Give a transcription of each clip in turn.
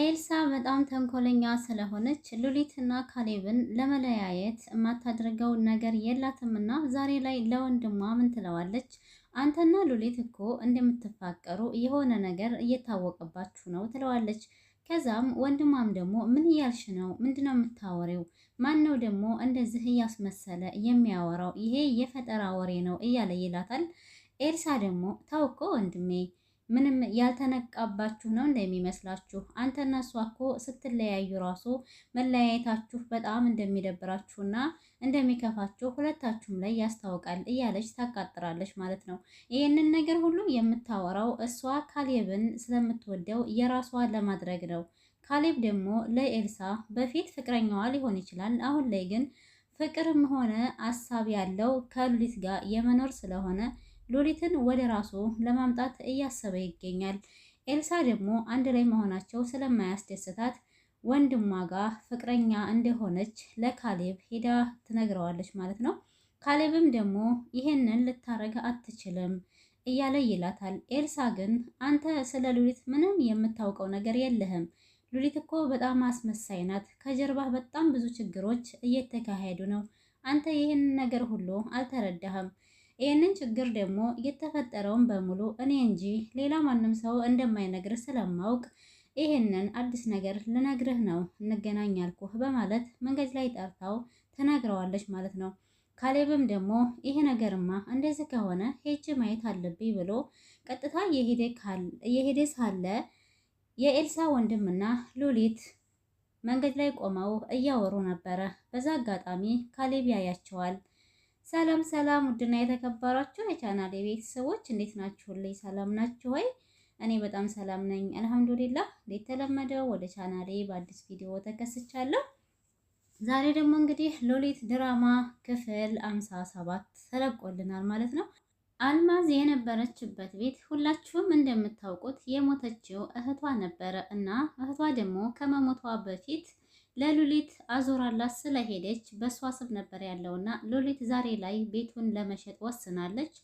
ኤልሳ በጣም ተንኮለኛ ስለሆነች ሉሊትና ካሌብን ለመለያየት የማታደርገው ነገር የላትምና ዛሬ ላይ ለወንድሟ ምን ትለዋለች? አንተና ሉሊት እኮ እንደምትፋቀሩ የሆነ ነገር እየታወቀባችሁ ነው ትለዋለች። ከዛም ወንድሟም ደግሞ ምን እያልሽ ነው? ምንድነው የምታወሬው? ማን ነው ደግሞ እንደዚህ እያስመሰለ የሚያወራው? ይሄ የፈጠራ ወሬ ነው እያለ ይላታል። ኤልሳ ደግሞ ታውቆ ወንድሜ ምንም ያልተነቃባችሁ ነው እንደሚመስላችሁ። አንተና እሷ እኮ ስትለያዩ ራሱ መለያየታችሁ በጣም እንደሚደብራችሁና እንደሚከፋችሁ ሁለታችሁም ላይ ያስታውቃል እያለች ታቃጥራለች ማለት ነው። ይህንን ነገር ሁሉ የምታወራው እሷ ካሌብን ስለምትወደው የራሷ ለማድረግ ነው። ካሌብ ደግሞ ለኤልሳ በፊት ፍቅረኛዋ ሊሆን ይችላል። አሁን ላይ ግን ፍቅርም ሆነ አሳብ ያለው ከሉሊት ጋር የመኖር ስለሆነ ሉሊትን ወደ ራሱ ለማምጣት እያሰበ ይገኛል። ኤልሳ ደግሞ አንድ ላይ መሆናቸው ስለማያስደስታት ወንድሟ ጋር ፍቅረኛ እንደሆነች ለካሌብ ሄዳ ትነግረዋለች ማለት ነው። ካሌብም ደግሞ ይህንን ልታረግ አትችልም እያለ ይላታል። ኤልሳ ግን አንተ ስለ ሉሊት ምንም የምታውቀው ነገር የለህም። ሉሊት እኮ በጣም አስመሳይ ናት። ከጀርባ በጣም ብዙ ችግሮች እየተካሄዱ ነው። አንተ ይህንን ነገር ሁሉ አልተረዳህም። ይህንን ችግር ደግሞ የተፈጠረውን በሙሉ እኔ እንጂ ሌላ ማንም ሰው እንደማይነግር ስለማውቅ ይህንን አዲስ ነገር ልነግርህ ነው እንገናኝ በማለት መንገድ ላይ ጠርታው ተናግረዋለች ማለት ነው። ካሌብም ደግሞ ይሄ ነገርማ እንደዚህ ከሆነ ሄጅ ማየት አለብኝ ብሎ ቀጥታ እየሄደ ሳለ የኤልሳ ወንድምና ሉሊት መንገድ ላይ ቆመው እያወሩ ነበረ። በዛ አጋጣሚ ካሌብ ያያቸዋል። ሰላም ሰላም፣ ውድና የተከበራችሁ የቻናል የቤተሰቦች እንዴት ናችሁልኝ? ሰላም ናችሁ ወይ? እኔ በጣም ሰላም ነኝ አልሐምዱሊላህ። እንደተለመደው ወደ ቻናሌ በአዲስ ቪዲዮ ተከስቻለሁ። ዛሬ ደግሞ እንግዲህ ሎሊት ድራማ ክፍል አምሳ ሰባት ተለቆልናል ማለት ነው። አልማዝ የነበረችበት ቤት ሁላችሁም እንደምታውቁት የሞተችው እህቷ ነበረ እና እህቷ ደግሞ ከመሞቷ በፊት ለሉሊት አዞራላት ስለሄደች በእሷ ስም ነበር ያለውና ሉሊት ዛሬ ላይ ቤቱን ለመሸጥ ወስናለች።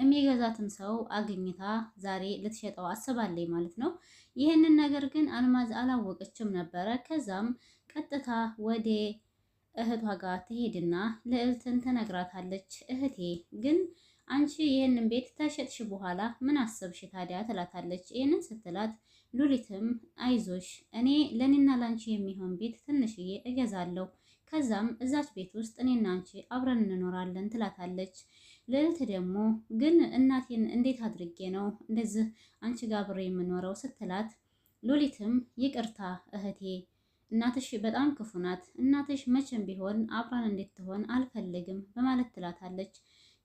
የሚገዛትም ሰው አግኝታ ዛሬ ልትሸጠው አስባለች ማለት ነው። ይህንን ነገር ግን አልማዝ አላወቀችም ነበረ። ከዛም ቀጥታ ወደ እህቷ ጋር ትሄድና ልዕልትን ትነግራታለች። እህቴ ግን አንቺ ይህንን ቤት ተሸጥሽ በኋላ ምን አሰብሽ ታዲያ ትላታለች። ይህንን ስትላት ሉሊትም አይዞሽ እኔ ለእኔና ላንቺ የሚሆን ቤት ትንሽዬ እገዛለሁ፣ ከዛም እዛች ቤት ውስጥ እኔና አንቺ አብረን እንኖራለን ትላታለች። ልዕልት ደግሞ ግን እናቴን እንዴት አድርጌ ነው እንደዚህ አንቺ ጋር አብሬ የምኖረው ስትላት፣ ሉሊትም ይቅርታ እህቴ እናትሽ በጣም ክፉ ናት። እናትሽ መቼም ቢሆን አብራን እንዴት ትሆን አልፈልግም በማለት ትላታለች።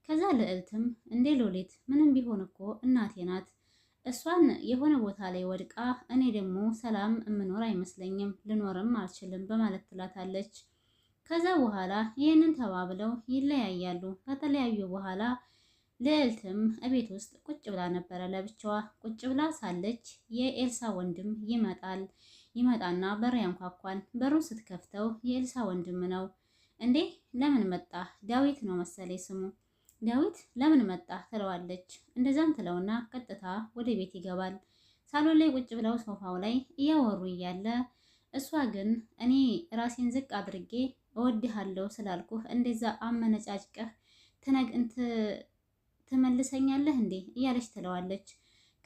ከዛ ልዕልትም እንዴ ሉሊት ምንም ቢሆን እኮ እናቴ ናት እሷን የሆነ ቦታ ላይ ወድቃ እኔ ደግሞ ሰላም እምኖር አይመስለኝም ልኖርም አልችልም በማለት ትላታለች። ከዛ በኋላ ይህንን ተባብለው ይለያያሉ። ከተለያዩ በኋላ ልዕልትም እቤት ውስጥ ቁጭ ብላ ነበረ ለብቻዋ። ቁጭ ብላ ሳለች የኤልሳ ወንድም ይመጣል። ይመጣና በር ያንኳኳል። በሩ ስትከፍተው የኤልሳ ወንድም ነው። እንዴ ለምን መጣ? ዳዊት ነው መሰለኝ ስሙ ዳዊት ለምን መጣ ትለዋለች። እንደዛም ትለውና ቀጥታ ወደ ቤት ይገባል። ሳሎን ላይ ቁጭ ብለው ሶፋው ላይ እያወሩ እያለ እሷ ግን እኔ ራሴን ዝቅ አድርጌ እወድሃለሁ ስላልኩህ እንደዛ አመነጫጭቀህ ትነግ ትመልሰኛለህ እንዴ እያለች ትለዋለች።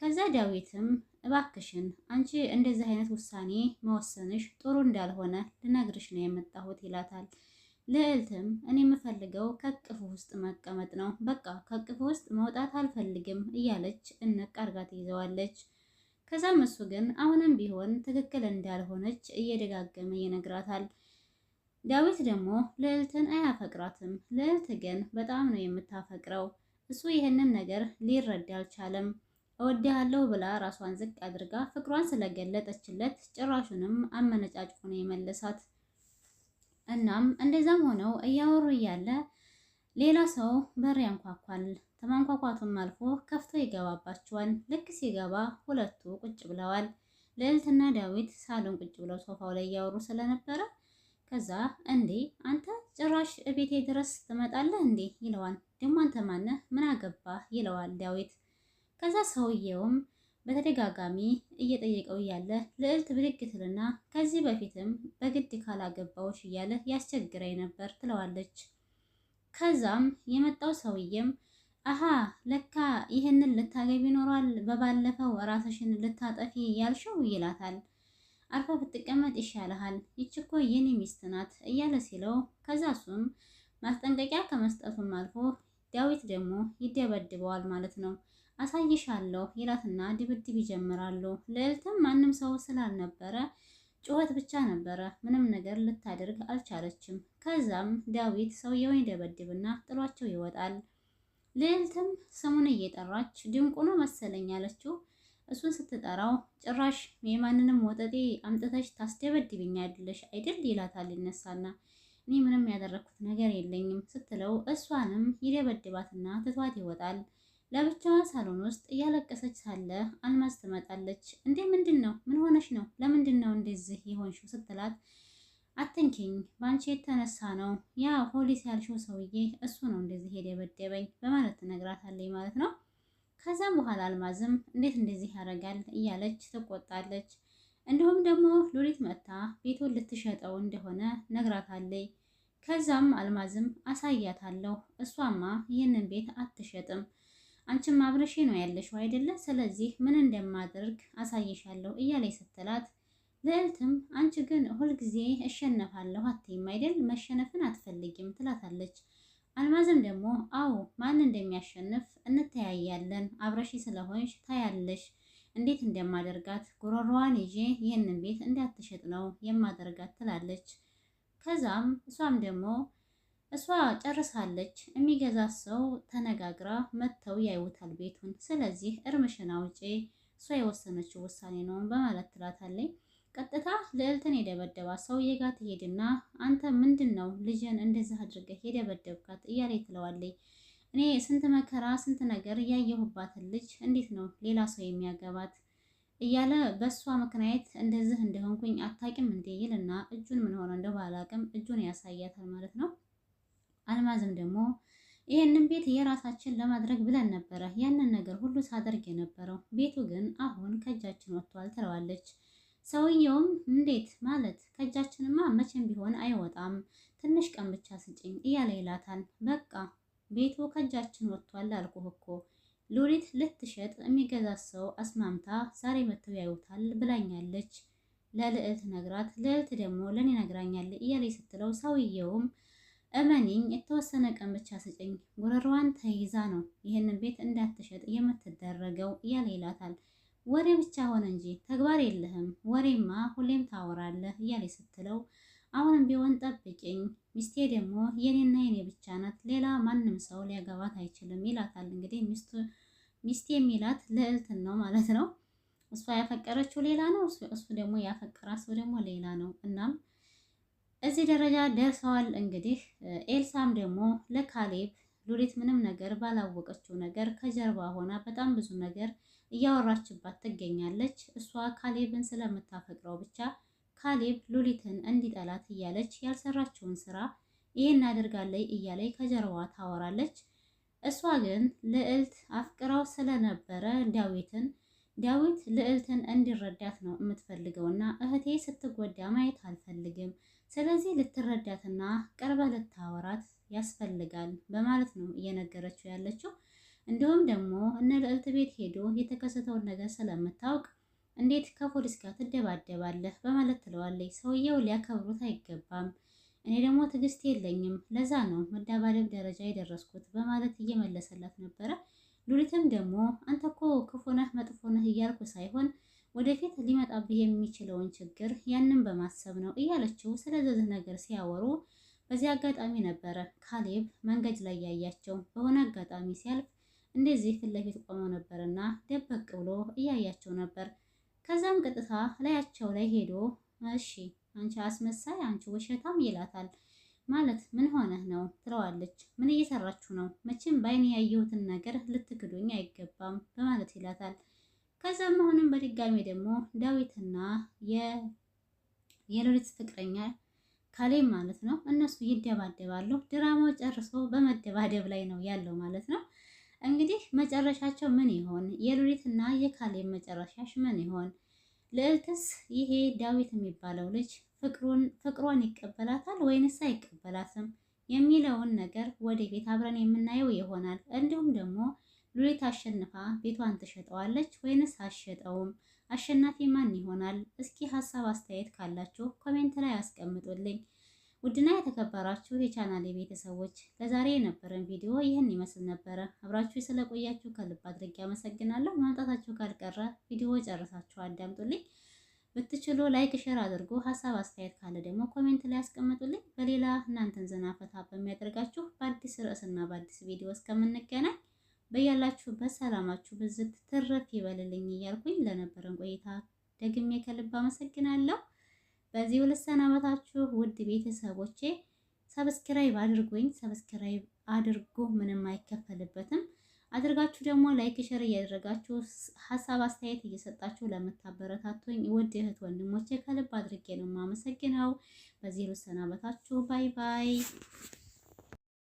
ከዛ ዳዊትም እባክሽን አንቺ እንደዚህ አይነት ውሳኔ መወሰንሽ ጥሩ እንዳልሆነ ልነግርሽ ነው የመጣሁት ይላታል። ልዕልትም እኔ የምፈልገው ከቅፍ ውስጥ መቀመጥ ነው፣ በቃ ከቅፍ ውስጥ መውጣት አልፈልግም እያለች እነቅ አርጋ ትይዘዋለች። ከዛም እሱ ግን አሁንም ቢሆን ትክክል እንዳልሆነች እየደጋገመ ይነግራታል። ዳዊት ደግሞ ልዕልትን አያፈቅራትም። ልዕልት ግን በጣም ነው የምታፈቅረው። እሱ ይህንን ነገር ሊረዳ አልቻለም። እወድሃለሁ ብላ ራሷን ዝቅ አድርጋ ፍቅሯን ስለገለጠችለት ጭራሹንም አመነጫጭ ሆነ የመለሳት። እናም እንደዛም ሆነው እያወሩ እያለ ሌላ ሰው በር ያንኳኳል። ከማንኳኳቱም አልፎ ከፍቶ ይገባባቸዋል። ልክ ሲገባ ሁለቱ ቁጭ ብለዋል። ልዕልትና ዳዊት ሳሎን ቁጭ ብለው ሶፋው ላይ እያወሩ ስለነበረ ከዛ እንዴ አንተ ጭራሽ እቤቴ ድረስ ትመጣለህ እንዴ ይለዋል። ደግሞ አንተ ማነህ? ምን አገባህ? ይለዋል ዳዊት። ከዛ ሰውየውም በተደጋጋሚ እየጠየቀው እያለ ልዕልት ብድግ ትልና ከዚህ በፊትም በግድ ካላገባዎች እያለ ያስቸግረኝ ነበር ትለዋለች። ከዛም የመጣው ሰውዬም አሃ ለካ ይህንን ልታገቢ ይኖሯል በባለፈው ራስሽን ልታጠፊ ያልሽው ይላታል። አርፋ ብትቀመጥ ይሻልሃል፣ ይችኮ እኮ የኔ ሚስት ናት እያለ ሲለው ከዛ እሱም ማስጠንቀቂያ ከመስጠቱም አልፎ ዳዊት ደግሞ ይደበድበዋል ማለት ነው። አሳይሻለሁ ይላትና ድብድብ ይጀምራሉ። ልዕልትም ማንም ሰው ስላልነበረ ጩኸት ብቻ ነበረ። ምንም ነገር ልታደርግ አልቻለችም። ከዛም ዳዊት ሰውየውን ይደበድብና ጥሏቸው ይወጣል። ልዕልትም ስሙን እየጠራች ድንቁ ነው መሰለኝ አለችው። እሱን ስትጠራው ጭራሽ የማንንም ወጠጤ አምጥተሽ ታስደበድብኛለሽ አይደል ይላታል ይነሳና እኔ ምንም ያደረግኩት ነገር የለኝም ስትለው እሷንም ይደበድባትና ትቷት ይወጣል። ለብቻዋ ሳሎን ውስጥ እያለቀሰች ሳለ አልማዝ ትመጣለች። እንዴ ምንድን ነው? ምን ሆነሽ ነው? ለምንድን ነው እንደዚህ የሆንሽው? ስትላት አትንኪኝ፣ በአንቺ የተነሳ ነው ያ ፖሊስ ያልሽው ሰውዬ እሱ ነው እንደዚህ ሄደ የበደበኝ በማለት ትነግራታለች ማለት ነው። ከዛም በኋላ አልማዝም እንዴት እንደዚህ ያደርጋል እያለች ትቆጣለች። እንዲሁም ደግሞ ሉሊት መጥታ ቤቱን ልትሸጠው እንደሆነ ነግራታለች። ከዛም አልማዝም አሳያታለሁ፣ እሷማ ይህንን ቤት አትሸጥም አንቺም አብረሽ ነው ያለሽው አይደለ? ስለዚህ ምን እንደማደርግ አሳይሻለሁ እያለች ስትላት ልዕልትም አንቺ ግን ሁልጊዜ እሸነፋለሁ አትይም አይደል? መሸነፍን አትፈልጊም ትላታለች። አልማዝም ደግሞ አዎ ማን እንደሚያሸንፍ እንተያያለን፣ አብረሽ ስለሆንሽ ታያለሽ እንዴት እንደማደርጋት ጉሮሮዋን ይዤ ይህንን ቤት እንዳትሸጥ ነው የማደርጋት ትላለች። ከዛም እሷም ደግሞ እሷ ጨርሳለች። የሚገዛ ሰው ተነጋግራ መጥተው ያዩታል ቤቱን። ስለዚህ እርምሽን አውጪ፣ እሷ የወሰነችው ውሳኔ ነው በማለት ትላታለች። ቀጥታ ልዕልትን የደበደባ ሰውዬ ጋር ትሄድና አንተ ምንድን ነው ልጅን እንደዚህ አድርገህ የደበደብካት እያለ ትለዋለች። እኔ ስንት መከራ ስንት ነገር እያየሁባትን ልጅ እንዴት ነው ሌላ ሰው የሚያገባት እያለ በእሷ ምክንያት እንደዚህ እንደሆንኩኝ አታውቂም እንዴ ይልና እጁን ምን ሆነ እንደው ባላውቅም እጁን ያሳያታል ማለት ነው። አልማዝም ደግሞ ይህንን ቤት የራሳችን ለማድረግ ብለን ነበረ ያንን ነገር ሁሉ ሳደርግ የነበረው ቤቱ ግን አሁን ከእጃችን ወጥቷል ትለዋለች። ሰውየውም እንዴት ማለት ከእጃችንማ መቼም ቢሆን አይወጣም፣ ትንሽ ቀን ብቻ ስጭኝ እያለ ይላታል። በቃ ቤቱ ከእጃችን ወጥቷል አልኩህ እኮ ሉሊት ልትሸጥ የሚገዛ ሰው አስማምታ ዛሬ መጥተው ያዩታል ብላኛለች ለልዕልት ነግራት፣ ልዕልት ደግሞ ለእኔ ነግራኛለች እያለ ስትለው ሰውየውም እመኒኝ የተወሰነ ቀን ብቻ ስጭኝ። ጉረሯን ተይዛ ነው ይህንን ቤት እንዳትሸጥ የምትደረገው እያለ ይላታል። ወሬ ብቻ ሆነ እንጂ ተግባር የለህም፣ ወሬማ ሁሌም ታወራለህ እያለ ስትለው አሁንም ቢሆን ጠብቂኝ፣ ሚስቴ ደግሞ የኔና የኔ ብቻ ናት፣ ሌላ ማንም ሰው ሊያገባት አይችልም ይላታል። እንግዲህ ሚስቴ የሚላት ልዕልትን ነው ማለት ነው። እሷ ያፈቀረችው ሌላ ነው፣ እሱ ደግሞ ያፈቀራ ሰው ደግሞ ሌላ ነው። እናም እዚህ ደረጃ ደርሰዋል። እንግዲህ ኤልሳም ደግሞ ለካሌብ ሉሊት ምንም ነገር ባላወቀችው ነገር ከጀርባ ሆና በጣም ብዙ ነገር እያወራችባት ትገኛለች። እሷ ካሌብን ስለምታፈቅረው ብቻ ካሌብ ሉሊትን እንዲጠላት እያለች ያልሰራችውን ስራ ይህን አድርጋለይ እያለይ ከጀርባ ታወራለች። እሷ ግን ልዕልት አፍቅራው ስለነበረ ዳዊትን ዳዊት ልዕልትን እንዲረዳት ነው የምትፈልገውና እህቴ ስትጎዳ ማየት አልፈልግም ስለዚህ ልትረዳትና ቀርባ ልታወራት ያስፈልጋል በማለት ነው እየነገረችው ያለችው። እንዲሁም ደግሞ እነ ልዕልት ቤት ሄዶ የተከሰተውን ነገር ስለምታውቅ እንዴት ከፖሊስ ጋር ትደባደባለህ በማለት ትለዋለች። ሰውየው ሊያከብሩት አይገባም። እኔ ደግሞ ትዕግስት የለኝም፣ ለዛ ነው መዳባደብ ደረጃ የደረስኩት በማለት እየመለሰላት ነበረ። ሉሊትም ደግሞ አንተ እኮ ክፉ ነህ፣ መጥፎ ነህ እያልኩ ሳይሆን ወደፊት ሊመጣብህ የሚችለውን ችግር ያንን በማሰብ ነው እያለችው ስለዚህ ነገር ሲያወሩ በዚህ አጋጣሚ ነበረ ካሌብ መንገድ ላይ ያያቸው። በሆነ አጋጣሚ ሲያልፍ እንደዚህ ፊት ለፊት ቆመው ነበርና ደበቅ ብሎ እያያቸው ነበር። ከዛም ቀጥታ ላያቸው ላይ ሄዶ እሺ አንቺ አስመሳይ፣ አንቺ ውሸታም ይላታል። ማለት ምን ሆነህ ነው ትለዋለች። ምን እየሰራችሁ ነው? መቼም ባይን ያየሁትን ነገር ልትክዱኝ አይገባም በማለት ይላታል። ከዛም አሁንም በድጋሚ ደግሞ ዳዊትና የሎሪት ፍቅረኛ ካሌ ማለት ነው እነሱ ይደባደባሉ። ድራማው ጨርሶ በመደባደብ ላይ ነው ያለው ማለት ነው። እንግዲህ መጨረሻቸው ምን ይሆን? የሉሊትና የካሌ መጨረሻሽ ምን ይሆን? ልዕልትስ ይሄ ዳዊት የሚባለው ልጅ ፍቅሯን ይቀበላታል ወይንስ አይቀበላትም የሚለውን ነገር ወደፊት አብረን የምናየው ይሆናል። እንዲሁም ደግሞ ሉሊት አሸንፋ ቤቷን ትሸጠዋለች ወይንስ አሸጠውም? አሸናፊ ማን ይሆናል? እስኪ ሀሳብ አስተያየት ካላችሁ ኮሜንት ላይ አስቀምጡልኝ። ውድና የተከበራችሁ የቻናል ቤተሰቦች ለዛሬ የነበረን ቪዲዮ ይህን ይመስል ነበረ። አብራችሁ ስለቆያችሁ ከልብ አድርጌ አመሰግናለሁ። ማምጣታችሁ ካልቀረ ቪዲዮ ጨርሳችሁ አዳምጡልኝ። ብትችሉ ላይክ፣ ሼር አድርጎ ሀሳብ አስተያየት ካለ ደግሞ ኮሜንት ላይ አስቀምጡልኝ። በሌላ እናንተን ዘና ፈታ በሚያደርጋችሁ በአዲስ ርዕስና በአዲስ ቪዲዮ እስከምንገናኝ በያላችሁ በሰላማችሁ ብዝት ትረፍ ይበልልኝ እያልኩኝ ለነበረን ቆይታ ደግሜ ከልብ አመሰግናለሁ። በዚህ ልሰናበታችሁ ውድ ቤተሰቦቼ። ሰብስክራይብ አድርጉኝ። ሰብስክራይብ አድርጉ፣ ምንም አይከፈልበትም። አድርጋችሁ ደግሞ ላይክ፣ ሸር እያደረጋችሁ ሀሳብ አስተያየት እየሰጣችሁ ለምታበረታቱኝ ውድ እህት ወንድሞቼ ከልብ አድርጌ ነው የማመሰግነው። በዚህ ልሰናበታችሁ። ባይ ባይ።